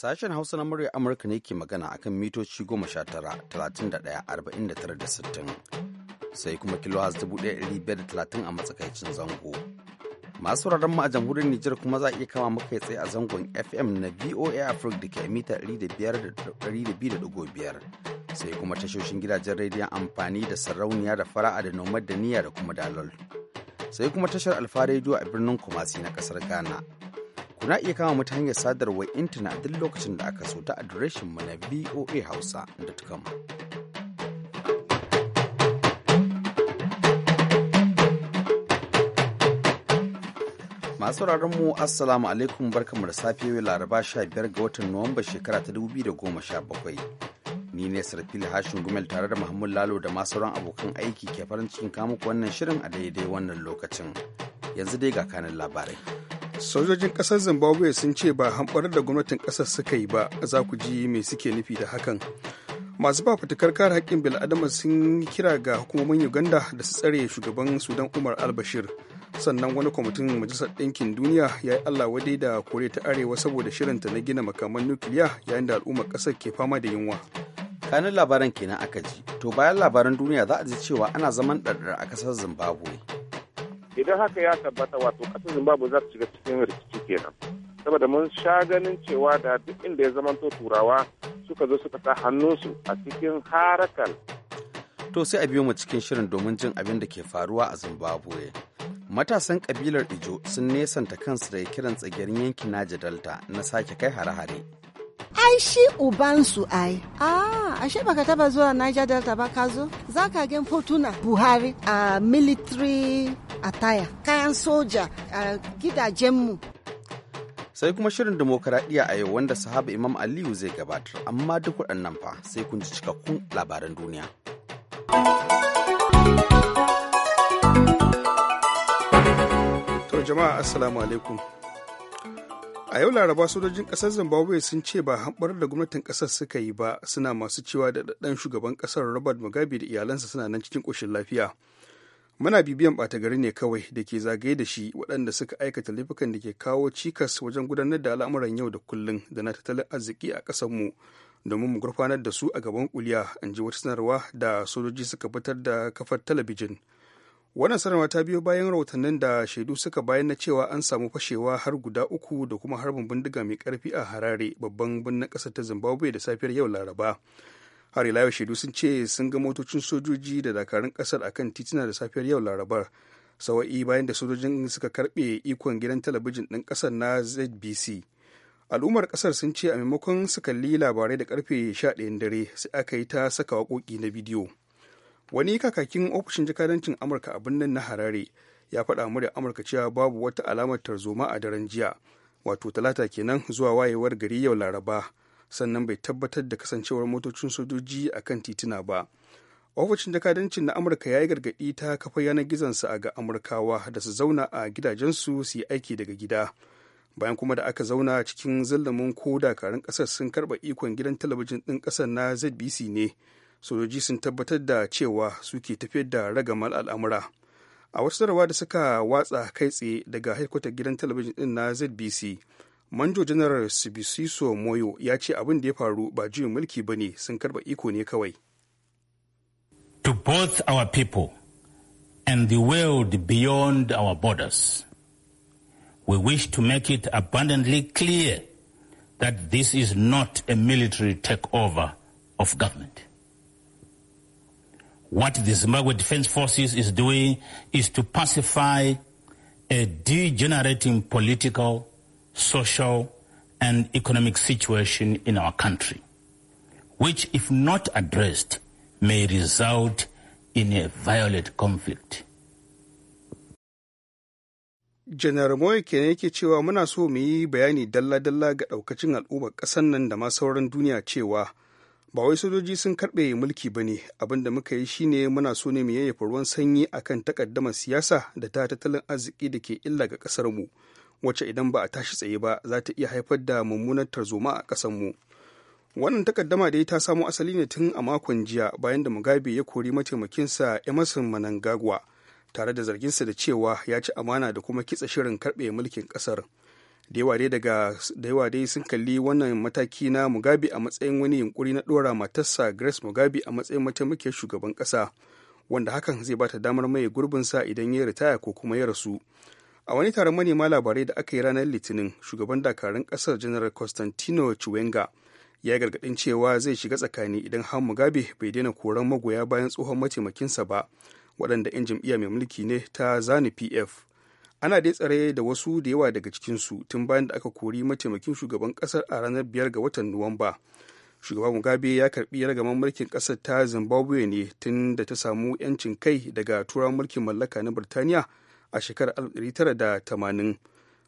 Sashen Hausa na murya Amurka ne ke magana a kan mitoci goma sha tara, talatin da tara da sittin. Sai kuma kilohaz dubu ɗaya ɗari biyar da talatin a matsakaicin zango. Masu wuraren ma a jamhuriyar Nijar kuma za a iya kama maka tsaye a zangon FM na VOA Africa da ke mita ɗari da biyar Sai kuma tashoshin gidajen rediyon amfani da sarauniya da fara'a da nomad da niyya da kuma dalol. Sai kuma tashar Alfa rediyo a birnin Kumasi na ƙasar Ghana. Kuna iya kama mu ta hanyar sadarwar intanet duk lokacin da aka so ta adireshin mu na hausa.com. Masu mu Assalamu alaikum barkamu da safe Laraba 15 ga watan Nuwamba shekara ta 2017. ni ne sarfil hashin gumel tare da muhammad lalo da ma ran abokan aiki ke farin cikin kamuku wannan shirin a daidai wannan lokacin yanzu dai ga kanin labarai sojojin kasar zimbabwe sun ce ba hamɓar da gwamnatin ƙasar suka yi ba za ku ji mai suke nufi da hakan masu ba fitakar kare haƙƙin bil'adama sun kira ga hukumomin uganda da su tsare shugaban sudan umar albashir sannan wani kwamitin majalisar ɗinkin duniya ya yi allah wadai da kore ta arewa saboda shirinta na gina makaman nukiliya yayin da al'ummar ƙasar ke fama da yunwa kanin labaran kenan aka ji to bayan labaran duniya za a ji cewa ana zaman ɗarɗar a ƙasar zimbabwe idan haka ya tabbata wato kasar zimbabwe za ta shiga cikin rikici kenan saboda mun sha ganin cewa da duk inda ya zamanto turawa suka zo suka sa hannunsu a cikin harakan to sai a biyo mu cikin shirin domin jin abin da ke faruwa a zimbabwe matasan kabilar ijo sun nesanta kansu da kiran tsagirin yankin naja delta na sake kai hare-hare ai shi ubansu ai a ah, ashe baka taba zuwa niger delta ba ka zo za ka gen fotuna buhari a ah, military a taya kayan soja a gidajenmu sai kuma shirin demokaradiyya a yau wanda sahaba imam aliyu zai gabatar amma duk waɗannan fa sai kun ji cikakkun labaran duniya to jama'a assalamu alaikum a yau laraba sojojin kasar zimbabwe sun ce ba hamɓar da gwamnatin kasar suka yi ba suna masu cewa da ɗaɗɗan shugaban kasar robert mugabe da iyalansa suna nan cikin ƙoshin lafiya muna bibiyan ɓata gari ne kawai da ke zagaye da shi waɗanda suka aikata laifukan da ke kawo cikas wajen gudanar da al'amuran yau da kullum da na tattalin arziki a mu domin mu gurfanar da su a gaban kuliya in ji wata sanarwa da sojoji suka fitar da kafar talabijin wannan sanarwa ta biyo bayan rahotannin da shaidu suka bayan na cewa an samu fashewa har guda uku da kuma harbin bindiga mai karfi a harare babban birnin ƙasar ta zimbabwe da safiyar yau laraba har ila yau shaidu sun ce sun ga motocin sojoji da dakarun kasar akan titina da safiyar yau larabar sawa'i bayan da sojojin suka karbe ikon gidan talabijin ɗin ƙasar na zbc al'ummar ƙasar sun ce a maimakon su kalli labarai da karfe ɗayan dare sai aka yi ta saka waƙoƙi na bidiyo wani kakakin ofishin jakadancin amurka a birnin na harare ya faɗa murya amurka cewa babu wata alamar tarzoma a daren jiya wato talata kenan zuwa wayewar gari yau laraba sannan bai tabbatar da kasancewar motocin sojoji a kan tituna ba ofishin jakadancin na amurka ya yi gargaɗi ta kafa yanar gizonsa ga amurkawa da su zauna a gidajensu su yi aiki daga gida bayan kuma da aka zauna cikin zallamin ko dakarun ƙasar sun karɓa ikon gidan talabijin ɗin ƙasar na zbc ne sojoji sun tabbatar da cewa suke tafiyar da ragamar al'amura a wasu sarrafa da suka watsa kai tsaye daga haikwatar gidan talabijin ɗin na zbc manjo janar sibisiso moyo ya ce abin da ya faru ba juyin mulki ba ne sun karba iko ne kawai to both our people and the world beyond our borders we wish to make it abundantly clear that this is not a military takeover of government what the Zimbabwe Defense Forces is doing is to pacify a degenerating political social, and economic situation in our country, which, if not addressed, may result in a violent conflict. janar Moy ke yake cewa muna so mu yi bayani dalla-dalla ga daukacin al'ummar ƙasar nan da ma sauran duniya cewa ba wai sojoji sun karɓe mulki ba ne abin da muka yi shine muna so ne mu yayyafa ruwan sanyi akan takaddamar siyasa da ta tattalin arziki da ke illa ga ƙasar mu. wacce idan ba a tashi tsaye ba za ta iya haifar da mummunar tarzoma a ƙasanmu wannan takaddama dai ta samo asali ne tun a makon jiya bayan da mugabe ya kori mataimakinsa emerson manangagwa tare da zarginsa da cewa ya ci amana da kuma kitsa shirin karbe mulkin kasar da yawa dai sun kalli wannan mataki na mugabe a matsayin wani yunkuri na dora matarsa grace mugabe a matsayin mataimakiyar shugaban kasa wanda hakan zai bata damar mai gurbinsa idan ya ritaya ko kuma ya rasu a wani taron manema labarai da aka yi ranar litinin shugaban dakarun kasar janar constantino chiwenga ya yi gargadin cewa zai shiga tsakani idan har mugabe bai daina koran magoya bayan tsohon mataimakinsa ba waɗanda 'yan jam'iyya mai mulki ne ta zani pf ana dai tsare da wasu da yawa daga cikinsu tun bayan da aka kori mataimakin shugaban kasar a ranar biyar ga watan nuwamba shugaban mugabe ya karbi ragaman mulkin kasar ta zimbabwe ne tun da ta samu 'yancin kai daga turawan mulkin mallaka na birtaniya a shekarar 1980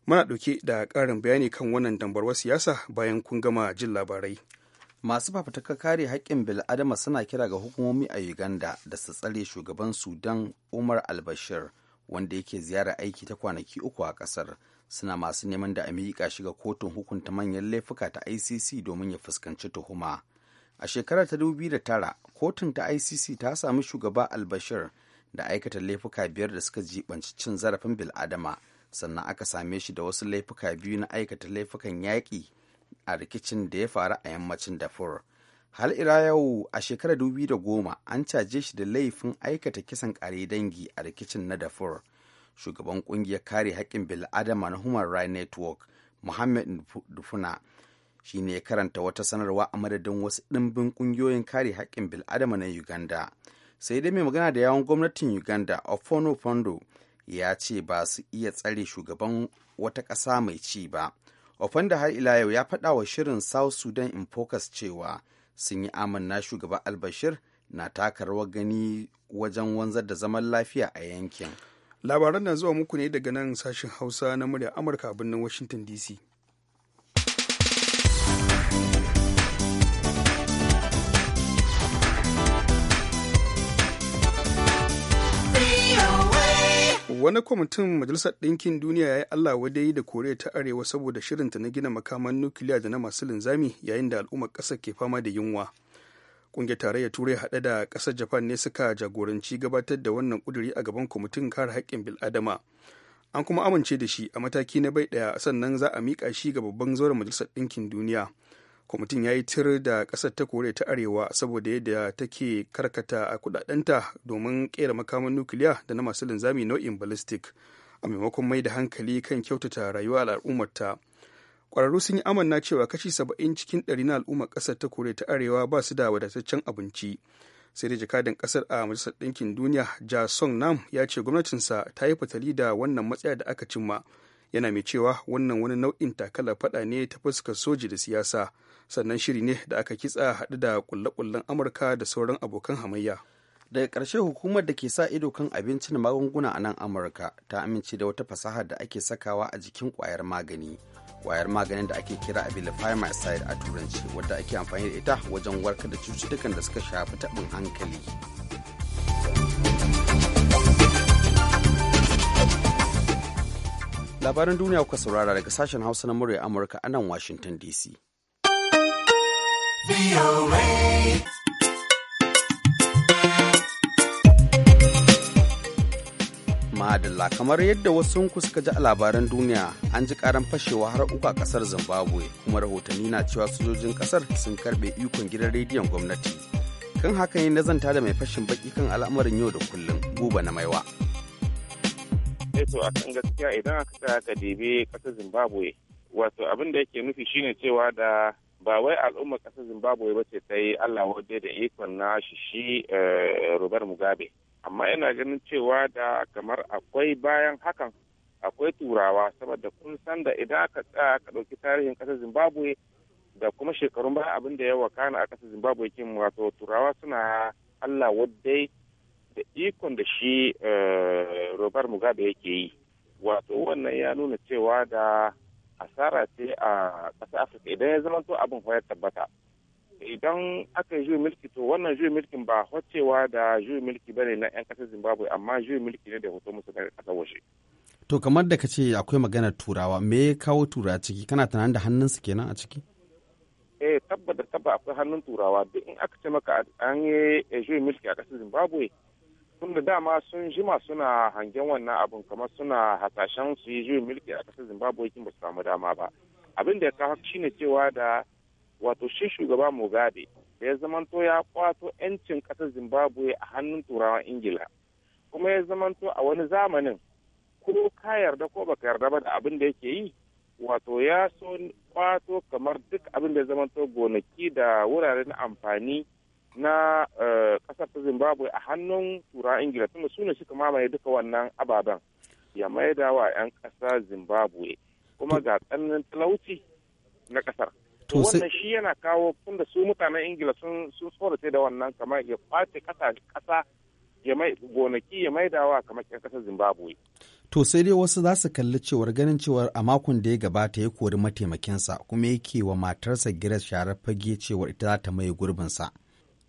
muna ɗauke da ƙarin bayani kan wannan dambarwar siyasa bayan kun gama jin labarai masu fafutukar kare haƙƙin bil'adama suna kira ga hukumomi a uganda da su tsare shugaban sudan umar albashir wanda yake ziyara aiki ta kwanaki uku a ƙasar suna masu neman da a shiga kotun hukunta manyan laifuka ta icc domin ya fuskanci tuhuma a shekarar ta 2009 kotun ta icc ta sami shugaba albashir da aikata laifuka biyar da suka jibanci cin zarafin bil'adama sannan aka same shi da wasu laifuka biyu na aikata laifukan yaƙi a rikicin da ya faru a yammacin dafur hal ira yau a shekarar dubi da goma an caje shi da laifin aikata kisan ƙare dangi a rikicin na dafur shugaban ƙungiyar kare haƙƙin bil'adama na human rights network muhammad dufuna shi ne karanta wata sanarwa a madadin wasu ɗimbin ƙungiyoyin kare haƙƙin bil'adama na uganda sai dai mai magana da yawon gwamnatin uganda ofono fondo ya ce ba su iya tsare shugaban wata ƙasa mai ci ba ofondo har ila yau ya faɗa wa shirin south sudan in focus cewa sun yi amanna shugaban albashir na taka rawar gani wajen wanzar da zaman lafiya a yankin labaran na zuwa muku ne daga nan sashen hausa na murya amurka a birnin washington dc wani kwamitin majalisar ɗinkin duniya ya yi allah wadai da koriya ta arewa saboda shirinta na gina makaman nukiliya da na masu linzami yayin da al'ummar ƙasar ke fama da yunwa ƙungiyar tarayyar turai haɗe da ƙasar japan ne suka jagoranci gabatar da wannan ƙuduri a gaban kwamitin kare haƙƙin bil'adama an kuma amince da shi a mataki na bai ɗaya sannan za a miƙa shi ga babban zauren majalisar ɗinkin duniya kwamitin ya yi tir da ƙasar ta koriya ta arewa saboda yadda take karkata a kudadenta domin kera makaman nukiliya da na masu linzami nau'in ballistic a maimakon mai da hankali kan kyautata rayuwa al'ummarta ƙwararru sun yi amanna cewa kashi saba'in cikin ɗari na al'ummar ƙasar ta koriya ta arewa ba su da wadataccen abinci sai da jakadan ƙasar a majalisar ɗinkin duniya ja song nam ya ce gwamnatinsa ta yi fatali da wannan matsaya da aka cimma yana mai cewa wannan wani nau'in takalar faɗa ne ta fuskar soji da siyasa sannan shiri ne da aka kitsa haɗu da kulle-kullen amurka da sauran abokan hamayya daga ƙarshe hukumar da ke sa ido kan abinci da magunguna a nan amurka ta amince da wata fasaha da ake sakawa a jikin kwayar magani kwayar maganin da ake kira abilifimicide a turanci wadda ake amfani da ita wajen warkar da cututtukan da suka shafi taɓin hankali labaran duniya kuka saurara daga sashen hausa na murya amurka a nan washington dc Madalla kamar yadda wasu suka ji a labaran duniya an ji karan fashewa har uku a kasar Zimbabwe kuma rahotanni na cewa sojojin kasar sun karbe ikon gidan rediyon gwamnati. Kan haka ne na zanta da mai fashin baki kan al'amarin yau da kullum guba na maiwa. Eto eh a kan gaskiya idan aka tsaya ka debe kasar Zimbabwe wato abin da yake nufi shine cewa da ba wai al'ummar ƙasar zimbabwe ba ce ta yi allah waje da ikon na shi eh, robert mugabe amma yana ganin cewa da kamar akwai bayan hakan akwai turawa saboda kun san da idan aka tsaya aka ɗauki tarihin ƙasar zimbabwe da kuma shekarun baya abin da ya wakana a ƙasar zimbabwe kin wato turawa suna allah wadai da ikon da shi eh, robert mugabe yake yi wato wannan ya nuna cewa da asara ce a ƙasar afirka idan ya zama to abin ya tabbata idan aka yi mulki to wannan juyin mulkin ba hocewa da juyin ba ne na 'yan ƙasar zimbabwe amma juyin mulki ne da hoto musu na ƙasar washe to kamar da ka ce akwai maganar turawa me ya kawo turawa ciki kana tunanin da hannunsu kenan a ciki eh tabbata tabba akwai hannun turawa duk in aka ce maka an yi juyin mulki a ƙasar zimbabwe tun da dama sun jima suna hangen wannan abin kamar suna hasashen su yi juyin mulki a ƙasar zimbabwe kin ba su samu dama ba abin da ya kawo shine cewa da wato shi shugaba mugabe da ya zamanto ya kwato 'yancin ƙasar zimbabwe a hannun turawan ingila kuma ya zamanto a wani zamanin ko ka yarda ko baka yarda ba da abin da yake yi wato ya so kwato kamar duk abin da ya zamanto gonaki da wuraren amfani na kasar eh, ta zimbabwe a hannun turan ingila tunda su ne suka mamaye duka wannan ababen ya maida wa 'yan kasa zimbabwe kuma ga tsananin talauci na kasar to wannan shi yana kawo tunda su mutanen ingila sun sun tsorace da wannan kamar ya kwace kasa kasa ya mai gonaki ya maida wa kamar 'yan kasar zimbabwe to sai dai wasu za su kalli cewar ganin cewar a makon da ya gabata ya kori mataimakinsa kuma yake wa matarsa giras sharar fage cewar ita za ta maye gurbinsa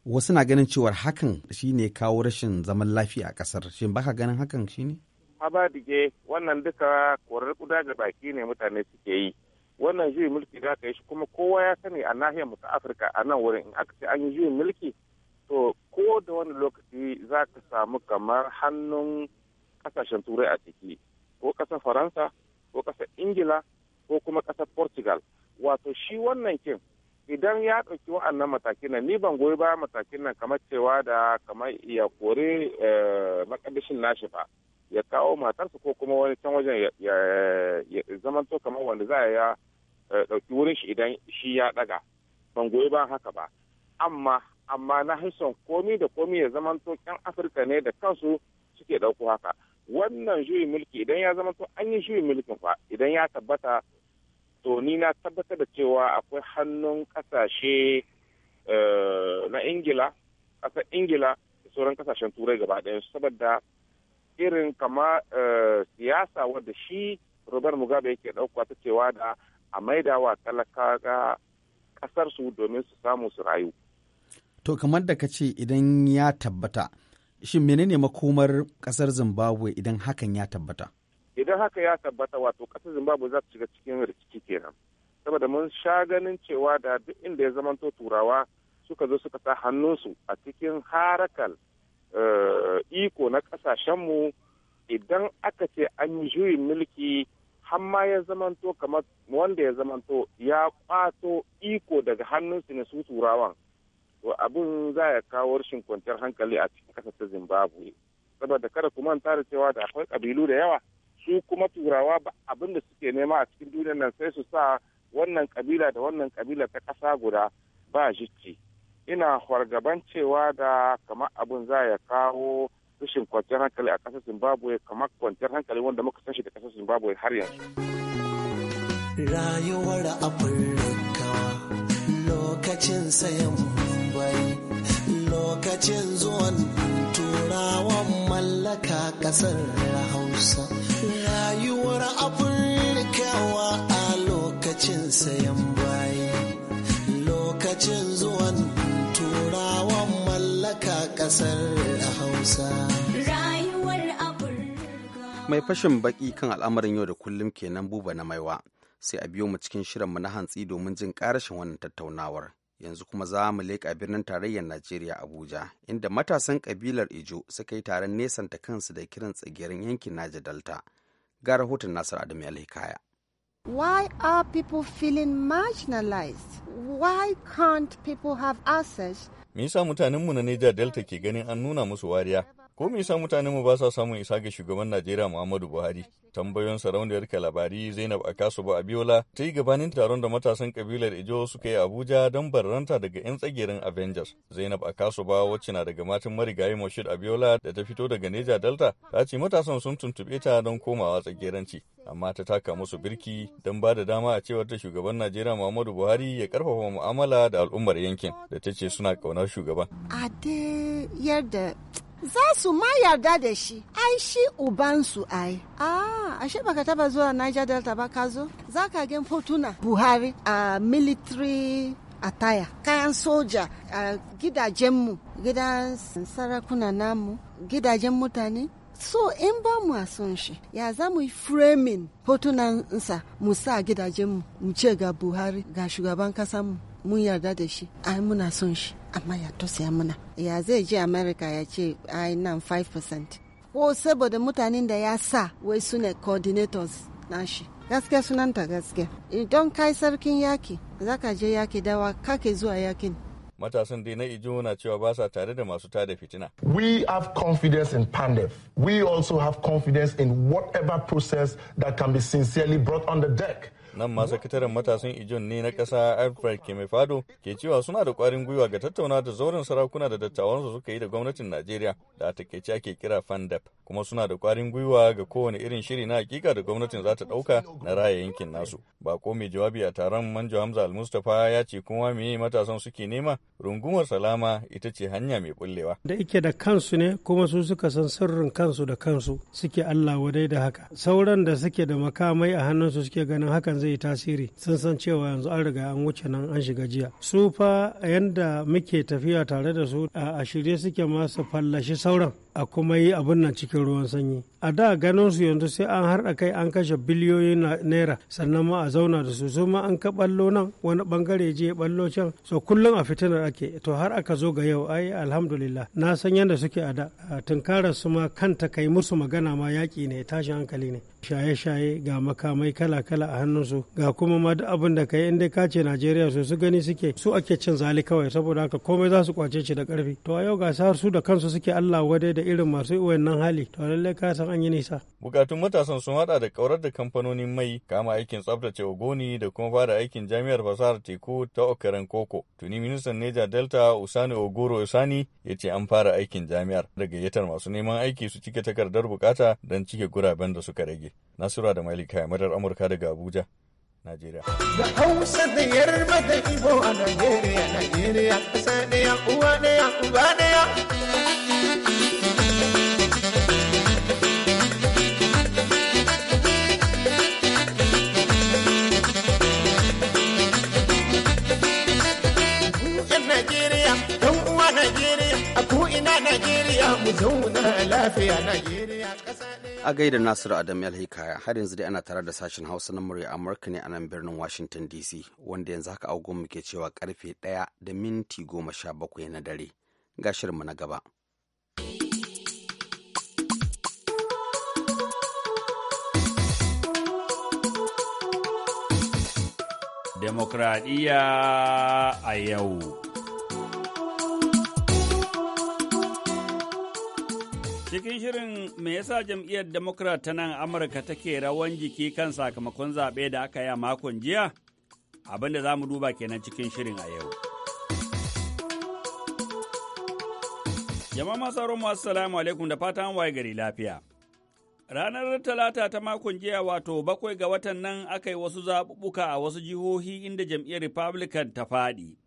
wasu na ganin cewar hakan shi ne kawo rashin zaman lafiya a kasar shin baka ganin hakan shi ne. ba abadige wannan duka korar kuda da baki ne mutane suke yi wannan juyin mulki za ka yi shi kuma kowa ya sani a nahiyar mu ta afirka a nan wurin in aka ce an yi juyin mulki to ko da wani lokaci za ka samu kamar hannun kasashen turai a ciki ko kasar faransa ko kasar ingila ko kuma kasar portugal wato shi wannan kin idan ya ɗauki wa'annan matakin nan ni ban goyi ba matakin nan kamar cewa da kamar ya kore eh, makadashin nashi ba ya kawo matarsa ko kuma wani can wajen ya zamanto kamar wanda za ya eh, ɗauki wurin shi idan shi ya ɗaga ban goyi ba haka ba amma amma na hison komi da komi ya zamanto yan afirka ne da kansu suke ɗauko haka wannan juyin mulki idan ya zamanto an yi juyin mulkin fa idan ya tabbata to ni na tabbatar da cewa akwai hannun kasashe eh, na ingila ƙasar ingila da sauran kasashen turai gaba ɗaya saboda irin kama eh, siyasa wadda shi robert mugabe yake ɗauka ta cewa da a maida wa talaka ƙasar su domin su samu su rayu to kamar da ka ce idan ya tabbata shin menene makomar ƙasar zimbabwe idan hakan ya tabbata idan haka ya tabbata wato ƙasar zimbabwe za su shiga cikin rikici kenan saboda mun sha ganin cewa da duk inda ya zamanto turawa suka zo suka sa hannunsu a cikin harakal eh, iko na ƙasashenmu idan aka ce an yi juyin mulki hamma ya zamanto kamar wanda ya zamanto ya kwato iko daga hannunsu ne su turawan to abin za ya kawo rashin kwanciyar hankali a cikin ƙasar ta zimbabwe saboda kada ku manta da cewa da akwai ƙabilu da yawa su kuma turawa abin da suke nema a cikin duniyar nan sai su sa wannan kabila da wannan kabila ta ƙasa guda ba jiki ina fargaban cewa da kamar abin za ya kawo rashin kwanciyar hankali a ƙasar zimbabwe kamar kwanciyar hankali wanda muka san shi da ƙasar zimbabwe har yanzu rayuwar afirka lokacin sayan bai lokacin zuwan turawan mallaka ƙasar hausa rayuwar afirkawa a lokacin sayan bayi lokacin zuwan turawan mallaka ƙasar hausa mai fashin baki kan al'amarin yau da kullum kenan buba na maiwa sai a biyo mu cikin shirin mu na hantsi domin jin ƙarashin wannan tattaunawar yanzu kuma za mu leƙa birnin tarayyar najeriya abuja inda matasan ƙabilar ijo suka yi taron nesanta kansu da kiran tsagirin yankin naja delta ga rahoton nasar adamu alhikaya Why are people feeling marginalized? Why can't people have access? Me yasa mutanenmu na Niger Delta ke ganin an nuna musu wariya? Ko me yasa mutanen mu ba sa samun isa ga shugaban Najeriya Muhammadu Buhari? Tambayoyin sarauniyar labari Zainab ba Abiola ta yi gabanin taron da matasan kabilar Ijo suka yi Abuja don barranta daga 'yan tsagerin Avengers. Zainab Akasuba wacce na daga matan marigayi Moshid Abiola da ta fito daga Neja Delta ta ce matasan sun tuntuɓe ta don komawa tsageranci. Amma ta taka musu birki don ba da dama a cewar ta shugaban Najeriya Muhammadu Buhari ya karfafa mu'amala da al'ummar yankin da ta ce suna ƙaunar shugaban. A yarda za su ma yarda da shi ai shi ubansu ai a ah, ashe baka taba zuwa Niger Delta ba kazo zo za ka gan fotuna Buhari a military attire kayan soja a mu gidan sarakuna namu gidajen mutane so in ba mu shi ya za mu yi framing hotunansa mu sa gidajen mu ce ga buhari ga shugaban kasa mu yarda da shi ai muna son shi amma ya tausaya muna ya zai je america ya ce ai nan 5% ko saboda mutanen da ya sa wai su ne coordinators nashi gaskiya sunanta gaske. idan kai sarkin yaki za ka je yaki dawa kake zuwa yakin matasan dai na ijo na cewa ba sa tare da masu tada fitina. We have confidence in Pandef. We also have confidence in whatever process that can be sincerely brought on the deck. Nan ma sakataren matasan Ijon ne na ƙasa Alfred Kemefado ke cewa suna da kwarin gwiwa ga tattauna da zauren sarakuna da dattawansu suka yi da gwamnatin Najeriya da a takaice ake kira FANDAP kuma suna da kwarin gwiwa ga kowane irin shiri na hakika da gwamnatin za ta ɗauka na raya yankin nasu. Bako mai jawabi a taron Manjo Hamza al ya ce kuma me matasan suke nema rungumar salama ita ce hanya mai bullewa. Da ike da kansu ne kuma su suka san sirrin kansu da kansu suke Allah wadai da haka. Sauran da suke da makamai a hannunsu suke ganin hakan zai yi tasiri sun san cewa yanzu an riga an wuce nan an shiga jiya su fa yanda muke tafiya tare da su a shirye suke masu fallashi sauran a kuma yi abin nan cikin ruwan sanyi a da ganin su yanzu sai an harɗa kai an kashe biliyoyi naira sannan ma a zauna da su su ma an ka ballo nan wani bangare je ballo can so kullum a fitinar ake to har aka zo ga yau ai alhamdulillah na san yadda suke a da tunkarar su ma kanta kai musu magana ma yaƙi ne tashin hankali ne shaye-shaye ga makamai kala-kala a hannunsu ga kuma ma duk abin da kai inda ka ce najeriya su su gani suke su ake cin zali kawai saboda haka komai za su kwace shi da karfi to a yau ga sa su da kansu suke allah wadai da irin masu wannan hali to lallai ka san an yi nisa bukatun matasan sun hada da kaurar da kamfanonin mai kama aikin tsaftace ogoni da kuma fara aikin jami'ar fasahar teku ta okaren koko tuni ministan neja delta usani ogoro usani ya ce an fara aikin jami'ar da gayyatar masu neman aiki su cike takardar bukata don cike guraben da suka rage Nasura da Malika murar Amurka daga Abuja, Najeriya. Da Hausa da Yarba da Ibo a Najeriya, Najeriya ƙasa ɗaya, uwa ɗaya, uba ɗaya. Najeriya, a ko'ina Najeriya, mu zauna lafiya Najeriya. a gaida nasiru adam kaya har yanzu dai ana tare da sashen hausa na murya amurka ne a nan birnin washington dc wanda yanzu haka agogon ke cewa karfe ɗaya da minti goma sha bakwai na dare ga shirinmu na gaba demokradiyya a yau Cikin shirin me yasa jam'iyyar Democrat ta nan Amurka take rawan jiki kan sakamakon zaɓe da aka yi a makon jiya? Abin da za mu duba kenan cikin shirin a yau. Jama'a masu sauran salamu alaikum da fatan waye gari lafiya. Ranar Talata ta makon jiya wato bakwai ga watan nan aka yi wasu zaɓuɓɓuka a wasu jihohi inda jam'iyyar Republican ta faɗi.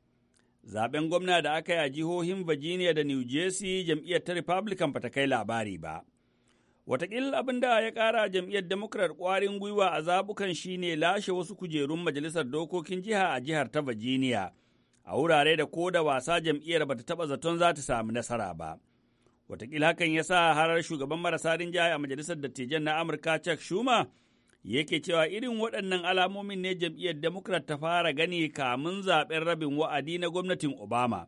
Zaben gwamna da aka yi a jihohin Virginia da New Jersey jam'iyyar ta Republican ba ta kai labari ba. Wataƙil abin da ya ƙara jam'iyyar Democrat ƙwarin gwiwa a zabukan shi ne lashe wasu kujerun majalisar dokokin jiha a jihar ta Virginia, a wurare da ko da wasa jam'iyyar ba ta taɓa zaton za ta samu nasara ba. wataƙil hakan ya sa harar shugaban marasa rinjaye a majalisar dattijan na Amurka Chuck Schumer yake cewa irin waɗannan alamomin ne jam'iyyar Democrat ta fara gani kamun zaɓen rabin wa'adi na gwamnatin Obama,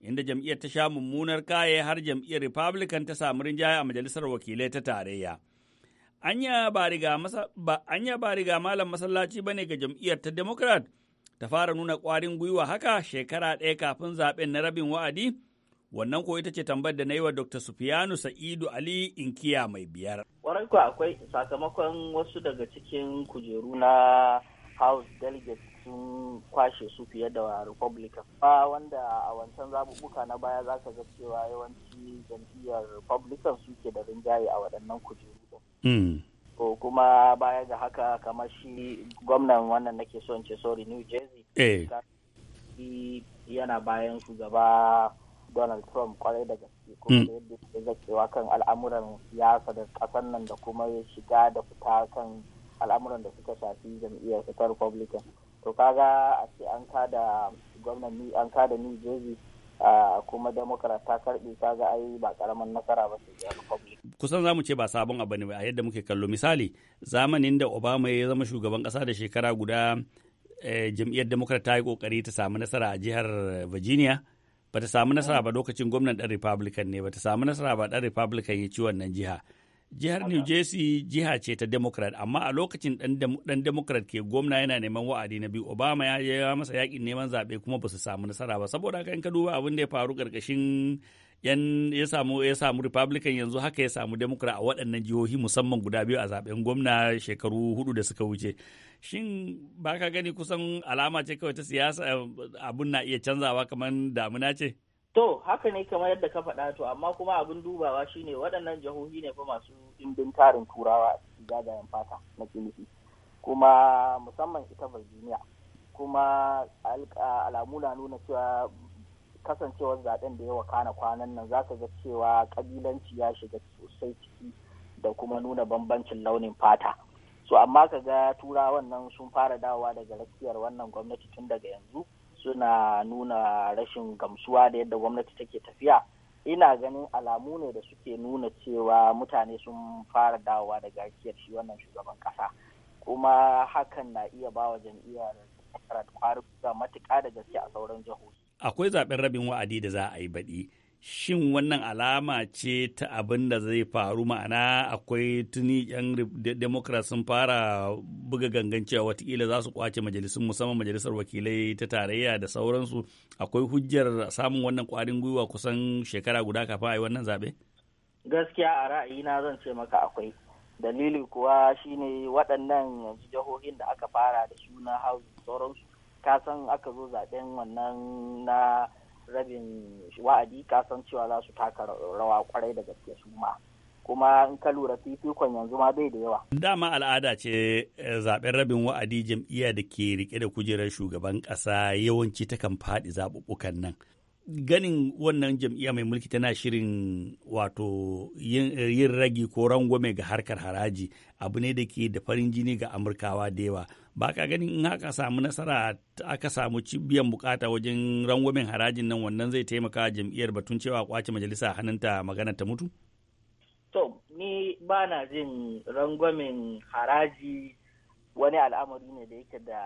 inda jam'iyyar ta sha mummunar kaye har jam'iyyar Republican ta samu rinjaye a majalisar wakilai ta tarayya. Anya ba riga malam masallaci ba ne ga jam'iyyar ta Democrat ta fara nuna ƙwarin gwiwa haka shekara ɗaya kafin zaɓen na rabin wa'adi Wannan ko ita ce tambayar da na yi wa Dr. Sufiyanu Sa'idu Ali Inkiya mai biyar. Warai akwai sakamakon wasu daga cikin kujeru na House Delegates sun kwashe su fiye da Republican. Ba wanda a wancan zaɓuɓɓuka na baya za ka ga cewa yawanci jam'iyyar Republican suke da rinjaye a waɗannan kujeru. ko hmm. kuma baya ga haka kamar shi gwamnan wannan nake son ce sorry new jersey eh. yana bayan shugaba Donald Trump kwarai da gaske kuma hmm. yadda ya zakewa kan al'amuran siyasa da kasan nan da kuma ya shiga da fita kan al'amuran da suka shafi jam'iyyar ta Republican. To kaga a ce an kada gwamnan an kada New Jersey kuma Democrat ta karbe kaga ai ba karaman nasara ba su Republican. Kusan zamu ce ba sabon abu ne a yadda muke kallo misali zamanin da Obama ya zama shugaban kasa da shekara guda eh, jam'iyyar Democrat ta yi kokari ta samu nasara a jihar Virginia. ba ta samu nasara eh. ba lokacin gwamnan ɗan republican ne ba ta samu nasara ba ɗan republican ya ci wannan jiha jihar new jersey jiha ce ta democrat amma a lokacin ɗan democrat ke gwamna yana neman wa'adi na biyu obama ya yi masa yakin neman zaɓe kuma ba su samu nasara ba saboda kan ka duba abin da ya faru ƙarƙashin yan ya samu ya samu republican yanzu haka ya samu democrat a waɗannan jihohi musamman guda biyu a zaɓen gwamna shekaru hudu da suka wuce shin ba ka gani kusan alama ce kawai ta siyasa eh, abun na iya canzawa kamar damuna ce? To haka ne kamar yadda ka faɗa to amma kuma abin dubawa shine waɗannan jihohi ne fa masu ɗimbin tarin turawa a cikin zagayen fata na kilifi kuma musamman ita Virginia kuma alamu na nuna cewa kasancewar zaɓen da ya wakana kwanan nan za ka ga cewa ƙabilanci ya shiga sosai ciki da kuma nuna bambancin launin fata. so amma ka ga turawan nan sun fara dawowa daga rakiyar wannan gwamnati tun daga yanzu suna nuna rashin gamsuwa da yadda gwamnati take tafiya ina ganin alamu ne da suke nuna cewa mutane sun fara dawowa daga rakiyar shi wannan shugaban kasa kuma hakan na iya ba bawa jam'iyyar democrat kwarin matuƙa da gaske a sauran jihohi akwai zaben rabin wa'adi da za a yi baɗi shin wannan alama ce ta abin da zai faru ma'ana akwai tuni yan democrat sun fara buga gangan cewa watakila za su kwace majalisun musamman majalisar wakilai ta tarayya da sauransu akwai hujjar samun wannan kwarin gwiwa kusan shekara guda kafin a yi wannan zaɓe? gaskiya a ra'ayina zan ce maka akwai dalili kuwa shine waɗannan yanzu jihohin da aka fara da suna house sauransu kasan aka zo zaɓen wannan na rabin wa'adi kasan cewa za su taka rawa kwarai da gaske su ma kuma in ka lura fifikon yanzu ma bai da yawa. Dama al'ada ce eh, zaben rabin wa'adi jam'iyya da ke rike da kujerar shugaban ƙasa yawanci takan faɗi zaɓuɓɓukan nan. Ganin wannan jam'iyya mai mulki tana shirin wato yin eh, ragi ko rangwame ga harkar haraji abu ne da ke da farin jini ga Amurkawa da yawa. ba ka ganin in haka samu nasara aka samu biyan bukata wajen rangwamen harajin nan wannan zai taimaka jam'iyyar batun cewa kwace majalisa hannunta magana ta mutu? To, ni ba na jin rangwamen haraji wani al'amari ne da yake da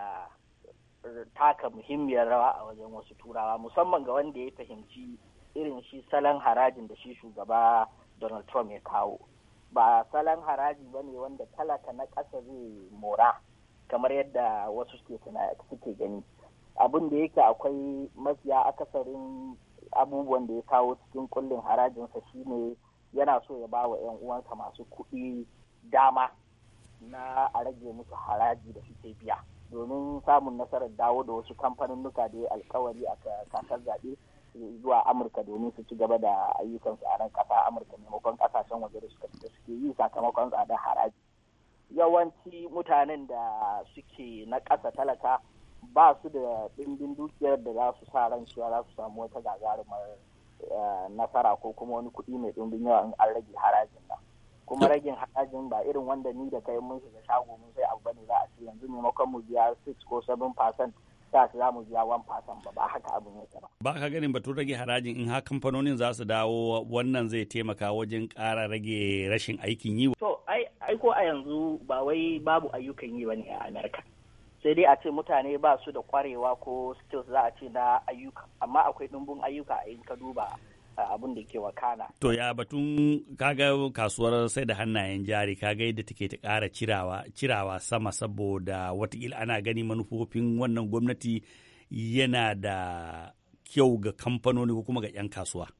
taka muhimmiyar rawa a wajen wasu turawa musamman ga wanda ya fahimci irin shi salon harajin da shi shugaba Donald Trump ya kawo. Ba salon haraji ba ne wanda talaka na ƙasa zai mora. kamar yadda wasu suke gani abin da yake akwai mafiya akasarin abubuwan da ya kawo cikin kullin harajinsa shine yana so ya ba wa 'yan uwansa masu kuɗi dama na a rage musu haraji da suke biya domin samun nasarar dawo da wasu kamfaninnuka da ya alkawari a kasar zaɓe zuwa amurka domin su ci gaba da ayyukansu a nan ƙasa amurka maimakon ƙasashen waje da suka suke yi sakamakon tsadar haraji yawanci mutanen da suke na ƙasa talaka ba su da ɗimbin dukiyar da za su sa ran cewa za su samu wata gagarumar eh, nasara ko kuma wani kuɗi mai ɗimbin yawa in an rage harajin nan kuma ragin harajin ba irin wanda ni da kai mun shiga shago mun sai abu bane za a ci yanzu maimakon mu biya 6 ko 7 percent da su za mu biya 1 percent ba ba haka abin yake ba ba ka ganin batun rage harajin in ha kamfanonin za su dawo wannan zai taimaka wajen ƙara rage rashin aikin yi to aiko a yanzu ba wai babu ayyukan yi bane a Amerika. Sai dai a ce mutane ba su da kwarewa ko skills za a ce na ayyuka, amma akwai ɗumbin ayyuka in ka duba abin da ke wakana. To ya batun kaga kasuwar sai da hannayen jari kaga yadda take ta ƙara cirawa cirawa sama saboda watakila ana gani manufofin wannan gwamnati yana da kyau ga kamfanoni ko kuma ga 'yan kasuwa.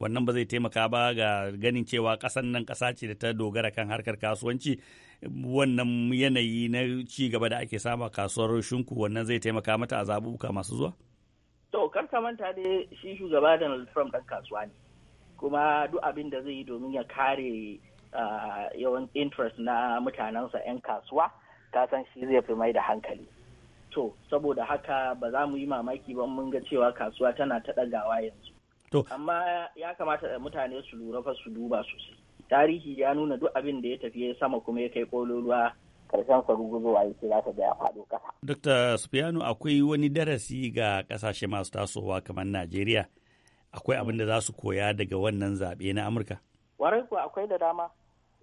wannan ba zai taimaka ba ga ganin cewa ƙasan nan ƙasa ce da ta dogara kan harkar kasuwanci wannan yanayi na ci gaba da ake samu kasuwar shinku wannan zai taimaka mata a masu zuwa? To, karka manta dai shi shugaba Donald Trump ɗan kasuwa ne, kuma duk abin da zai yi domin ya kare yawan interest na mutanensa 'yan kasuwa, ka san shi zai fi mai da hankali. To, saboda haka ba za mu yi mamaki ba mun ga cewa kasuwa tana ta ɗagawa yanzu. to amma ya kamata mutane su lura fa su duba sosai tarihi ya nuna duk abin da ya tafi sama kuma ya kai kololuwa karshen sa ya ce za ka ga ya faɗo ƙasa. Dr. Sufiyanu akwai wani darasi ga ƙasashe masu tasowa kamar Najeriya akwai abin da za su koya daga wannan zaɓe na Amurka. Warai ko akwai da dama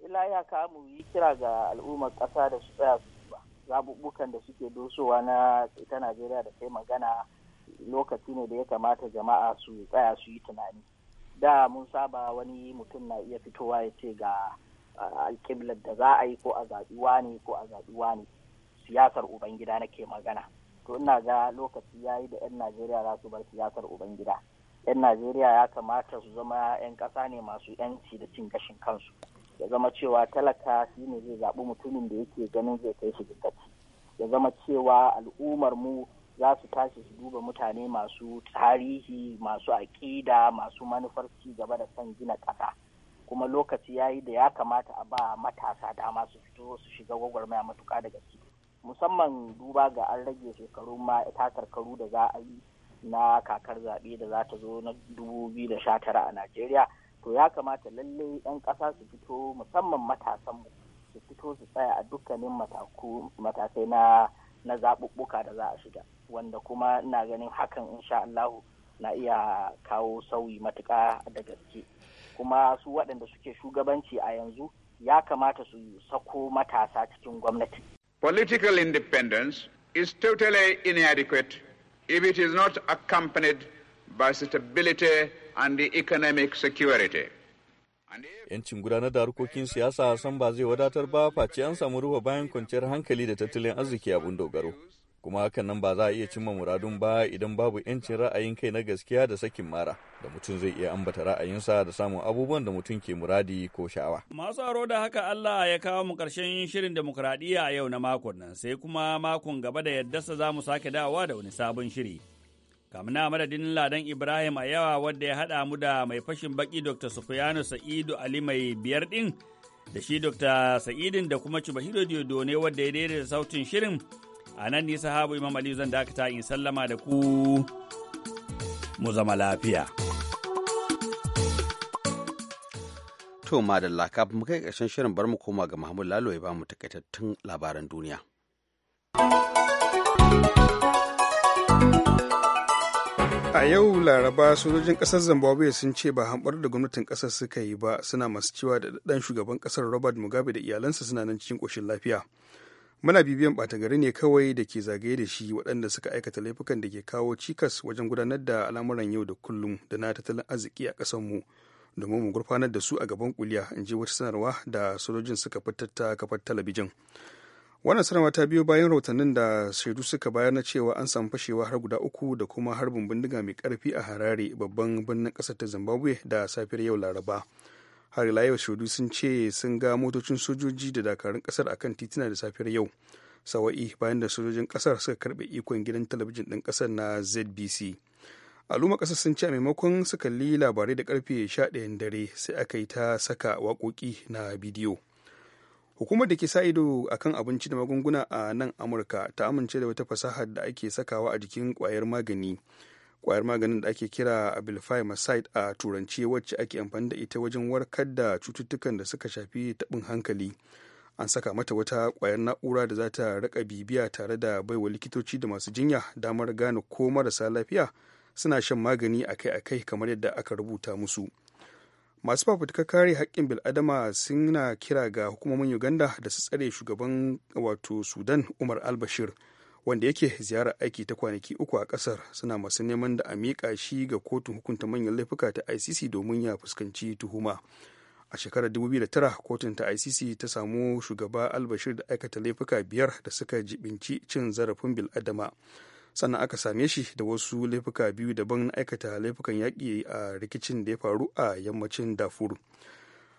ila ya kamu yi kira ga al'ummar ƙasa da su tsaya su zaɓuɓɓukan da suke dosowa na ita Najeriya da kai magana lokaci ne da ya kamata jama'a su tsaya su yi tunani da mun saba wani mutum na iya fitowa ya ce ga alkiblar da za a yi ko a zaɓiwa ne ko a zaɓiwa ne siyasar ubangida nake magana to ina ga lokaci ya yi da 'yan najeriya za su bar siyasar ubangida 'yan najeriya ya kamata su zama 'yan ƙasa ne masu 'yanci da cin gashin kansu ya zama cewa talaka shi ne zai zaɓi mutumin da yake ganin zai kai shi gaci ya zama cewa al'ummar mu za su tashi su duba mutane masu tarihi masu aƙida masu manufar ci gaba da son gina ƙasa kuma lokaci ya yi da ya kamata a ba matasa dama su fito su shiga gwagwarmaya matuƙa daga gaske musamman duba ga an rage shekarun ma karkaru da za a yi na kakar zaɓe da za ta zo na tara a najeriya to ya kamata lalle 'yan ƙasa su fito musamman matasanmu su fito su tsaya a dukkanin matakai na na zaɓuɓɓuka da za a shiga wanda kuma na ganin hakan insha Allahu na iya kawo sauyi matuƙa da gaske kuma su waɗanda suke shugabanci a yanzu ya kamata su sako matasa cikin gwamnati. Political independence is totally inadequate if it is not accompanied by stability and the economic security. Yancin gudanar da harkokin siyasa san ba zai wadatar ba face an samu ruwa bayan kwanciyar hankali da tattalin arziki abun dogaro. kuma hakan nan ba za a iya cimma muradun ba idan babu yancin ra'ayin kai na gaskiya da sakin mara da mutum zai iya ambata ra'ayinsa da samun abubuwan da mutum ke muradi ko sha'awa. Masu aro da haka Allah ya kawo mu karshen shirin demokuraɗiyya a yau na makon nan sai kuma makon gaba da sa za mu sake dawowa da wani sabon shiri. Kamna madadin Ladan Ibrahim a yawa wadda ya haɗa mu da mai fashin baki Dr. Sufiyanu Sa'idu Ali mai biyar ɗin da shi Dr. Sa'idin da kuma Cibahiro Diodo ne wadda ya daidaita sautin shirin a nan nisa habu imam aliyu zan dakata in sallama da ku mu zama lafiya to madalla kafin mu kai ƙarshen shirin bar mu koma ga mahmud lalo ya ba mu takaitattun labaran duniya a yau laraba sojojin ƙasar zimbabwe sun ce ba hamɓar da gwamnatin ƙasar suka yi ba suna masu cewa da ɗan shugaban ƙasar robert mugabe da iyalansa suna nan cikin ƙoshin lafiya muna bibiyan ɓata gari ne kawai da ke zagaye da shi waɗanda suka aikata laifukan da ke kawo cikas wajen gudanar da al'amuran yau da kullum da na tattalin arziki a mu domin mu gurfanar da su a gaban kuliya in ji wata sanarwa da sojojin suka fitar ta kafar talabijin wannan sanarwa ta biyo bayan rahotannin da shaidu suka bayar na cewa an samu fashewa har guda uku da kuma harbin bindiga mai karfi a harare babban birnin ƙasar ta zimbabwe da safiyar yau laraba har yau shudu sun ce sun ga motocin sojoji da dakarun kasar akan titina da safiyar yau sawa'i bayan da sojojin kasar suka karbe ikon gidan talabijin din kasar na zbc al'umma kasar sun ce maimakon su kalli labarai da karfe 11 dare sai aka yi ta saka waƙoƙi na bidiyo hukumar da ke sa ido akan abinci da magunguna a nan amurka ta amince da wata fasahar da ake sakawa a jikin kwayar magani kwayar maganin da ake kira abilfaimacide a turanci wacce ake amfani da ita wajen warkar da cututtukan da suka shafi tabin hankali an saka mata wata kwayar na'ura da za ta rika bibiya tare da baiwa likitoci da masu jinya damar gane ko marasa lafiya suna shan magani akai-akai kamar yadda aka rubuta musu masu fafutukar kare haƙƙin bil'adama suna kira ga hukumomin uganda da su tsare shugaban wato sudan umar albashir wanda yake ziyarar aiki ta kwanaki uku a kasar suna masu neman da a miƙa shi ga kotun hukunta manyan laifuka ta icc domin ya fuskanci tuhuma a shekarar 2009 kotun ta icc ta samu shugaba albashir da aikata laifuka biyar da suka jibinci cin zarafin biladama sannan aka same shi da wasu laifuka biyu daban aikata laifukan yaƙi a rikicin da ya faru a yammacin dafur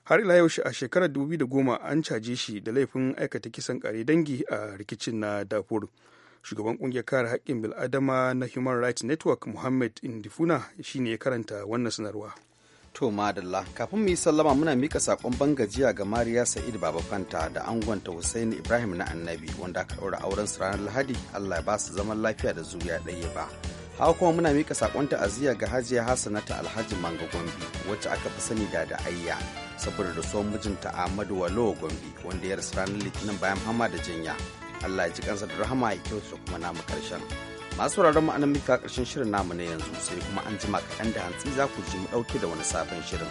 har ila yaushe a shekarar 2010 an caje shi da laifin aikata kisan kare dangi a rikicin na dafur shugaban kungiyar kare haƙƙin bil'adama na human rights network muhammad indifuna shine ya karanta wannan sanarwa to madalla kafin mu yi sallama muna mika saƙon bangajiya ga mariya sa'id baba fanta da angonta hussaini ibrahim na annabi wanda aka ɗaura auren su ranar lahadi allah ya ba su zaman lafiya da zuriya ɗaya ba haka kuma muna mika saƙon ta'aziyya ga hajiya ta alhaji manga gombe wacce aka fi sani da da ayya saboda da mijinta ahmadu walo gombe wanda ya rasu ranar litinin bayan hama da jinya Allah ya ji kansa da rahama ya kyautu kuma namu karshen masu wuraren mu anan muka karshen shirin namu na yanzu sai kuma an jima kaɗan da hantsi za ku ji mu ɗauke da wani sabon shirin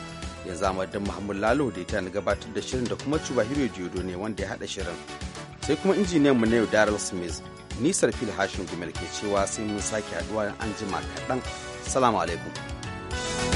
yanzu amadin muhammad lalo da ita na gabatar da shirin da kuma cuba hiro diodo ne wanda ya haɗa shirin sai kuma injiniyan mu na yau daryl smith nisar fil hashin gumel ke cewa sai mun sake haɗuwa an jima kaɗan salamu alaikum